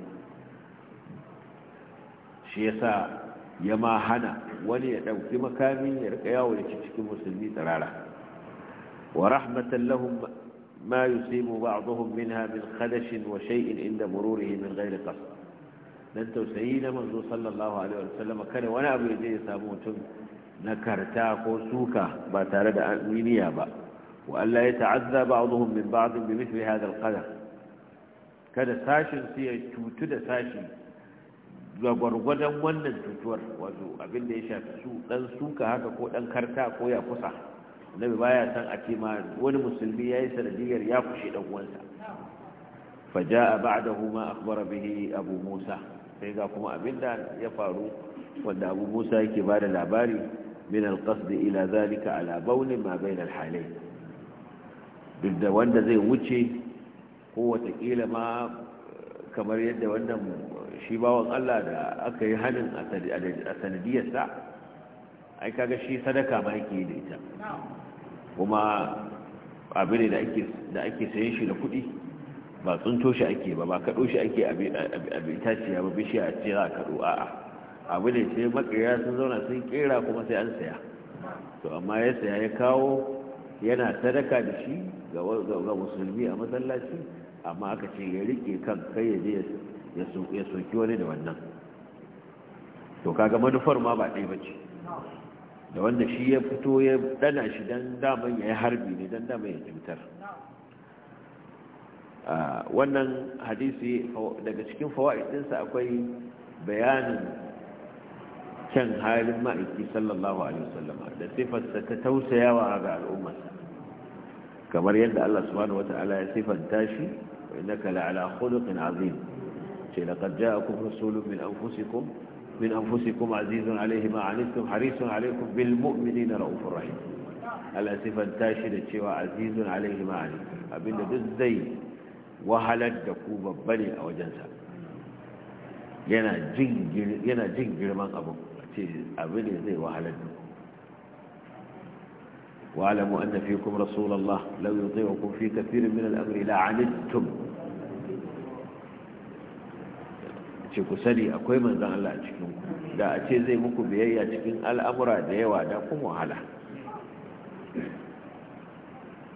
shi sa ya ma hana wani ya ɗauki makami ya rika yawo da cikin musulmi tsirara wa rahmatan lahum ma yusibu ba'dhum minha min khadash wa shay'in inda mururihi min ghairi qasd dan tausayi na manzo sallallahu alaihi wasallam kada wani abu je ya samu mutum na karta ko suka ba tare da niyya ba wa Allah ya ta'azza ba'dhum min ba'd bi mithli hadha al-qadar kada sashin su ya cutu da sashi ga gwargwadon wannan cutuwar wato abin da ya shafi su dan suka haka ko dan karta ko ya kusa nabi baya san a ce ma wani musulmi yayi sanadiyar ya kushe dan uwansa فجاء بعده ما أخبر به أبو موسى sai ga kuma abinda ya faru wanda abu musa yake ba da labari min alƙasdi ila zalika ala baunin ma bai halai duk da wanda zai wuce ko watakila ma kamar yadda wannan shi bawan allah da aka yi hannun a sanadiyarsa ai kaga shi sadaka ma yake yi da ita kuma abin da ake sayan shi da kuɗi ba tsunto shi ake ba ba ka shi ake abin ba bishiya a za a kaɗo a'a abu ne sai makera sun zauna sun kera kuma sai an saya to amma ya saya ya kawo yana sadaka da shi ga musulmi a matsalaci amma aka ce ya rike kan kai ya je ya soki wani da wannan to kaga manufar ma ba ɗaya ba ce da wanda shi ya fito ya ɗana shi don daman ya yi harbi ne don daman ya cutar wannan hadisi daga cikin fawa'idinsa akwai bayanin kyan halin ma'aiki sallallahu alaihi wasallama da sifarsa ta tausayawa ga al'ummarsa kamar yadda Allah subhanahu wata'ala ya sifanta shi wa innaka la'ala khuluqin azim ce laqad ja'akum rasulun min anfusikum min anfusikum azizun alayhi ma anittum harisun alaykum bil mu'minina raufur rahim Allah sifanta shi da cewa azizun alayhi ma anittum abinda duk zai wahalar da ku babba ne a wajensa yana jin girman abu ce abu ne zai wahalar da ku wa'alamu an da fi kuma rasulallah lauyi zai wa kun fi kafirin min al'amri la'anittum ce ku sani akwai manzan Allah a cikin da a ce zai muku biyayya cikin al'amura da yawa da kuma wahala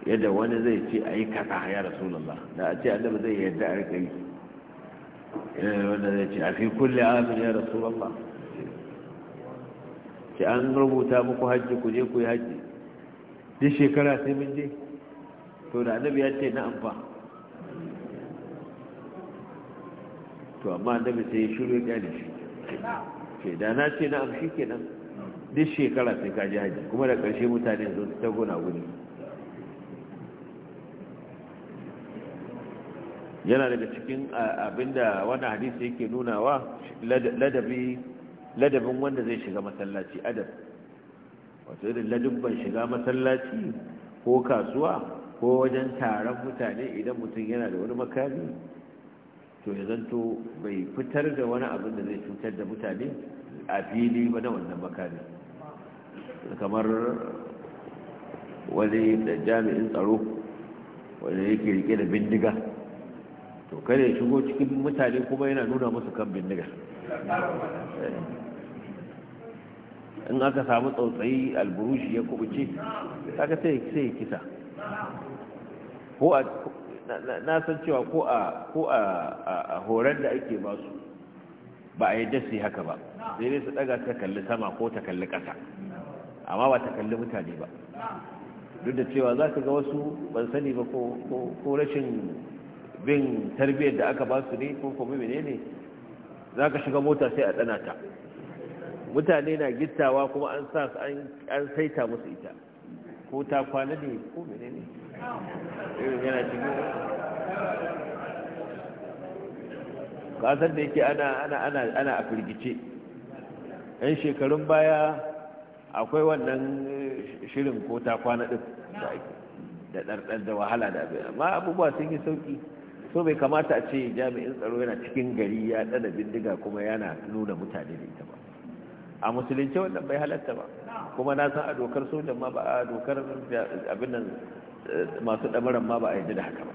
yadda wani zai ce a yi kaka ya rasulullah da a ce annabi zai yadda a rikai yi eh, wanda zai ce a fi kulle amin ya rasulullah ce an rubuta muku hajji ku je ku yi hajji duk shekara sai mun je to da annabi ya ce na amfa to amma annabi sai yi shiru ya gane shi ce da na ce na amshi kenan duk shekara sai ka ji hajji kuma da ƙarshe mutane sun ta gona guni yana daga cikin abinda wannan hadisi yake nunawa ladabi ladabin wanda zai shiga masallaci adab wato irin ladubban shiga masallaci ko kasuwa ko wajen taron mutane idan mutum yana da wani makami to ya zanto bai fitar da wani abin da zai cutar da mutane a fili ba na wannan makami kamar wani jami'in tsaro wanda yake rike da bindiga to kare shigo cikin mutane kuma yana nuna musu kan bindiga in aka samu tsautsayi alburushi ya kubuce aka sai sai kisa ko a na san cewa ko a ko horon da ake ba su ba a yadda su haka ba sai dai su daga ta kalli sama ko ta kalli kasa amma ba ta kalli mutane ba duk da cewa za ka ga wasu ban sani ba ko rashin bin tarbiyyar da aka ba su ne ko kuma ne za ka shiga mota sai a tsana ta mutane na gittawa kuma an sa an saita musu ita ko ta kwana ne ko menene irin yana cikin kasar da yake ana ana a firgice yan shekarun baya akwai wannan eh, shirin ko ta kwana din da ɗarɗar da wahala da abin amma abubuwa sun yi sauƙi so bai kamata a ce jami'in tsaro yana cikin gari ya ɗana bindiga kuma yana nuna mutane da ita ba a musulunci wannan bai halatta ba kuma na san a dokar sojan ma ba a dokar abin nan eh, masu ɗamaran ma ba a yadda da haka ba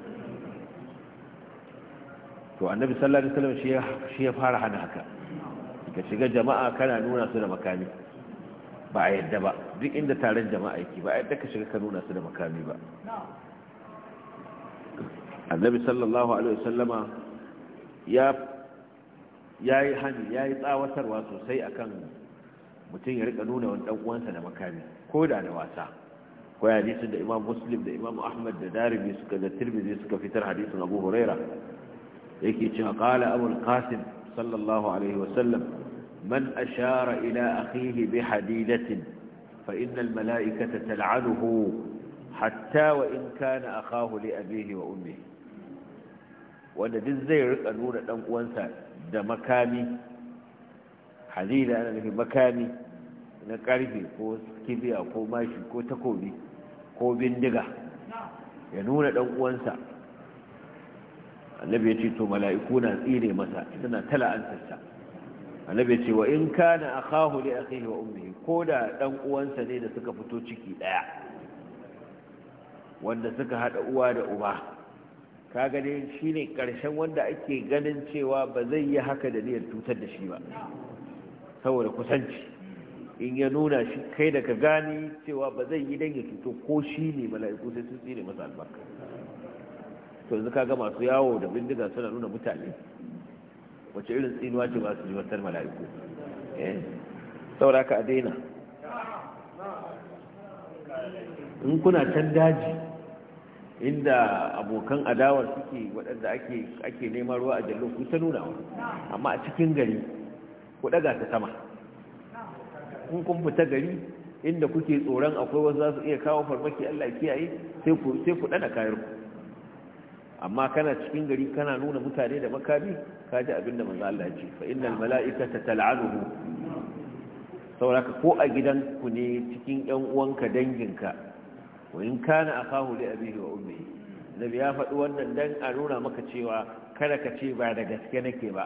to annabi sallallahu alaihi wasallam shi ya fara hana haka ka shiga jama'a kana nuna su da makami ba a yadda ba duk inda taron jama'a yake ba a yadda ka shiga ka nuna su da makami ba annabi sallallahu alaihi wasallama ya yayi hani yayi tsawatarwa sosai akan mutum ya rika nuna wani dan uwansa da makami ko da da wasa ko hadisin da Imam Muslim da Imam Ahmad da Darimi suka da Tirmidhi suka fitar hadisin Abu Huraira yake cewa qala Abu al-Qasim sallallahu alaihi wasallam man ashara ila akhihi bi hadidatin fa inna al-mala'ikata tal'anuhu hatta wa in kana akahu li abihi wa ummihi wanda duk zai rika nuna dan uwansa da makami halila ana nufin makami na karfe ko kibiya ko mashi ko takobi ko bindiga ya nuna dan uwansa annabi ya ce to mala'iku na tsire masa suna tala'antarsa annabi ya ce wa in kana akahu li akhihi wa ummihi ko da dan uwansa ne da suka fito ciki daya wanda suka hada uwa da uba kaga dai shine karshen wanda ake ganin cewa ba zai yi haka da niyyar cutar da shi ba saboda kusanci in ya nuna shi kai da ka gani cewa ba zai yi dan ya fito ko shi ne mala'iku sai sun tsire masa albarka to yanzu kaga masu yawo da bindiga suna nuna mutane wace irin tsinuwa ce ba su ji watar mala'iku eh, saboda ka a daina in kuna can daji inda abokan adawar suke waɗanda ake neman ruwa a jallon ku ta nuna amma a cikin gari ku ɗaga ta sama kun kun fita gari inda kuke tsoron akwai wasu za su iya kawo farmaki allah kiyaye sai ku ɗana kayar ku amma kana cikin gari kana nuna mutane da makami ka ji abin da manzo Allah ya ce fa innal mala'ikata tal'anuhu sauraka ko a gidan ku ne cikin yan uwanka danginka wani kana a akahu da abihi wa ummihi nabi ya faɗi wannan don a nuna maka cewa kada ka ce ba da gaske nake ba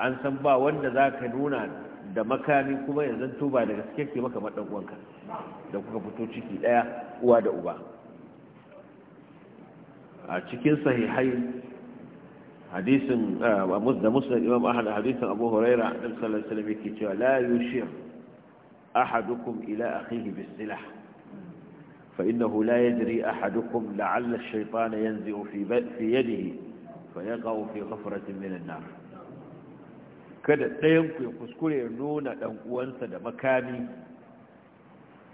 an san ba wanda za ka nuna da makami kuma ya zanto ba da gaske ke maka maɗan da kuka fito ciki ɗaya uwa da uba a cikin sahihai hadisun ah, da musulun imam ahad hadisun abu huraira ɗan sallar salami ke cewa la yushir أحدكم إلى أخيه بالسلاح فإنه لا يدري أحدكم لعل الشيطان ينزع في يده فيقع في غفرة من النار كذا دينكو يكسكري نونا دنقوانسا دا مكامي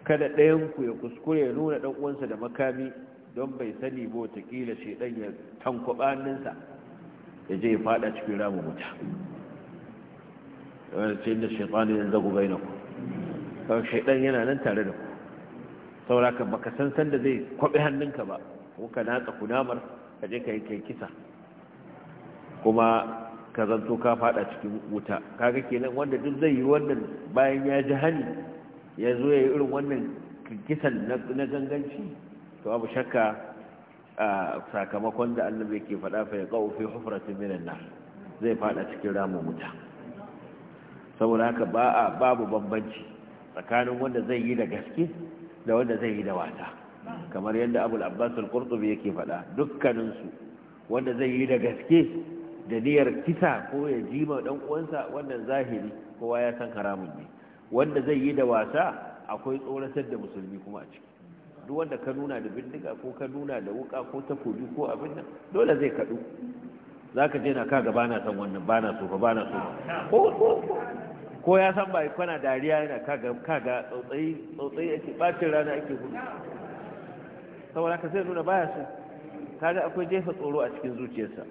كذا دينكو يكسكري نونا دنقوانسا مكامي دون بيساني بو تكيلة شيطان يتنقبان ننسا يجي فادة شبيرام ومتا وانا سيدنا الشيطان ينزغ بينكم kawai shaidan yana nan tare da ku sauraka baka san sanda zai kwabi hannunka ba ko ka natsa kunamar ka je ka yi kai kisa kuma ka zanto ka fada cikin wuta kaga kenan wanda duk zai yi wannan bayan ya ji hani ya zo ya yi irin wannan kisan na ganganci to abu shakka a sakamakon da annabi yake faɗa fa ya kawo fi hufratin minan nar zai fada cikin ramin wuta saboda haka ba a babu bambanci tsakanin wanda zai yi da gaske da wanda zai yi da wasa kamar yadda abul abbas al-qurtubi yake faɗa dukkanin su wanda zai yi da gaske da niyyar kisa ko ya jima dan uwansa wannan zahiri kowa ya san haramun ne wanda zai yi da wasa akwai tsoratar da musulmi kuma a ciki duk wanda ka nuna da bindiga ko ka nuna da wuka ko fudu ko abin nan dole zai kaɗu za ka je na ka gaba bana san wannan bana so ba bana so ba ko ya san ba kwana dariya yana kaga kaga tsautsayi tsautsayi ake bacin rana ake gudu saboda ka sai nuna baya so kaga akwai jefa tsoro a cikin zuciyarsa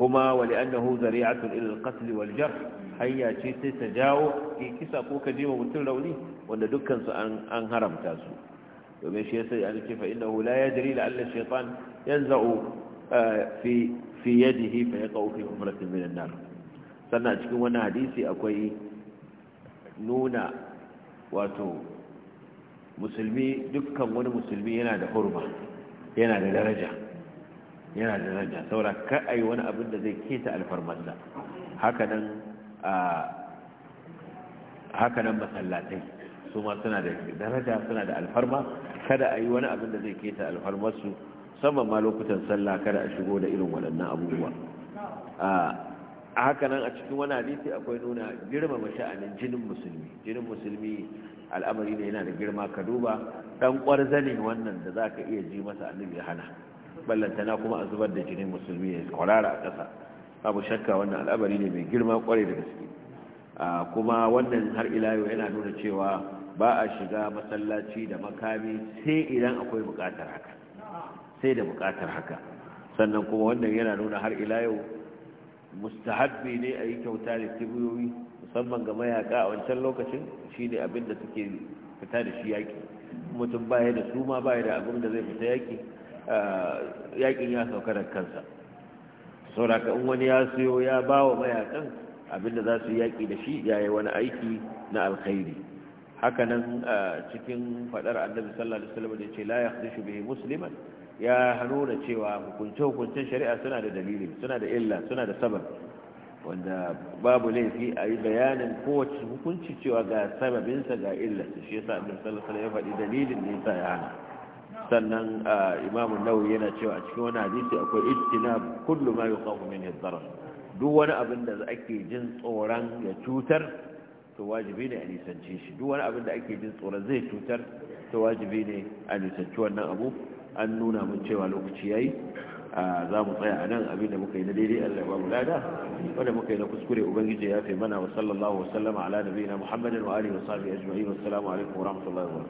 kuma wali annahu zari'atun ila al-qatl wal jarh hanya ce sai ta jawo ki kisa ko ka jima mutum rauni wanda dukkan su an an haramta su domin shi yasa an ce fa innahu la yadri la alla shaytan yanza'u eh, fi fi yadihi fa yaqa fi umratin min an-nar sannan cikin wani hadisi akwai nuna wato musulmi dukkan wani musulmi yana da hurma yana da daraja yana da daraja saboda ka ai wani abin da zai keta alfarmarsa hakanan a hakanan masallatai su ma suna da daraja suna da alfarma kada a yi wani abin da zai keta alfarmarsu musamman ma lokutan sallah kada a shigo da irin waɗannan abubuwa a haka nan a cikin wani hadisi akwai nuna girmama sha'anin jinin musulmi jinin musulmi al'amari ne yana da girma ka duba dan kwarzani wannan da zaka iya ji masa annabi ya hana na kuma a zubar da jinin musulmi ya kwarara a ƙasa babu shakka wannan al'amari ne mai girma kwarai da gaske kuma wannan har ila yau yana nuna cewa ba a shiga masallaci da makami sai idan akwai buƙatar haka sai da buƙatar haka sannan kuma wannan yana nuna har ila yau mustahabbi ne a yi kyauta da kibiyoyi musamman ga mayaka a wancan lokacin shi ne abin da suke fita da shi yaƙi mutum baya da suma ma baya da abin da zai fita yaƙi yaƙin ya sauka da kansa sauraka in wani ya siyo ya ba wa mayakan abin da za su yaƙi da shi ya yi wani aiki na alkhairi hakanan cikin faɗar annabi sallallahu alaihi wasallam da ce la yakhdishu bihi musliman ya nuna cewa hukunce-hukuncen shari'a suna da dalili suna da illa suna da sabab wanda babu laifi a yi bayanin kowace hukunci cewa ga sababinsa ga illarsa shi yasa abin sallallahu ya faɗi dalilin ne sa ya hana sannan imamu nawawi yana cewa a cikin wani hadisi akwai ijtinab kullum ma yuqafu min ad duk wani abin da ake jin tsoron ya cutar to wajibi ne a nisanci shi duk wani abin da ake jin tsoron zai cutar to wajibi ne a nisanci wannan abu an nuna mun cewa lokaci yayi za mu tsaya a nan abinda muka yi na daidai Allah ba mu lada wanda muka yi na kuskure ubangiji ya fi mana wa sallallahu wa sallama ala nabiyina muhammadin wa alihi wa sahbihi ajma'in assalamu alaikum wa rahmatullahi wa barakatuh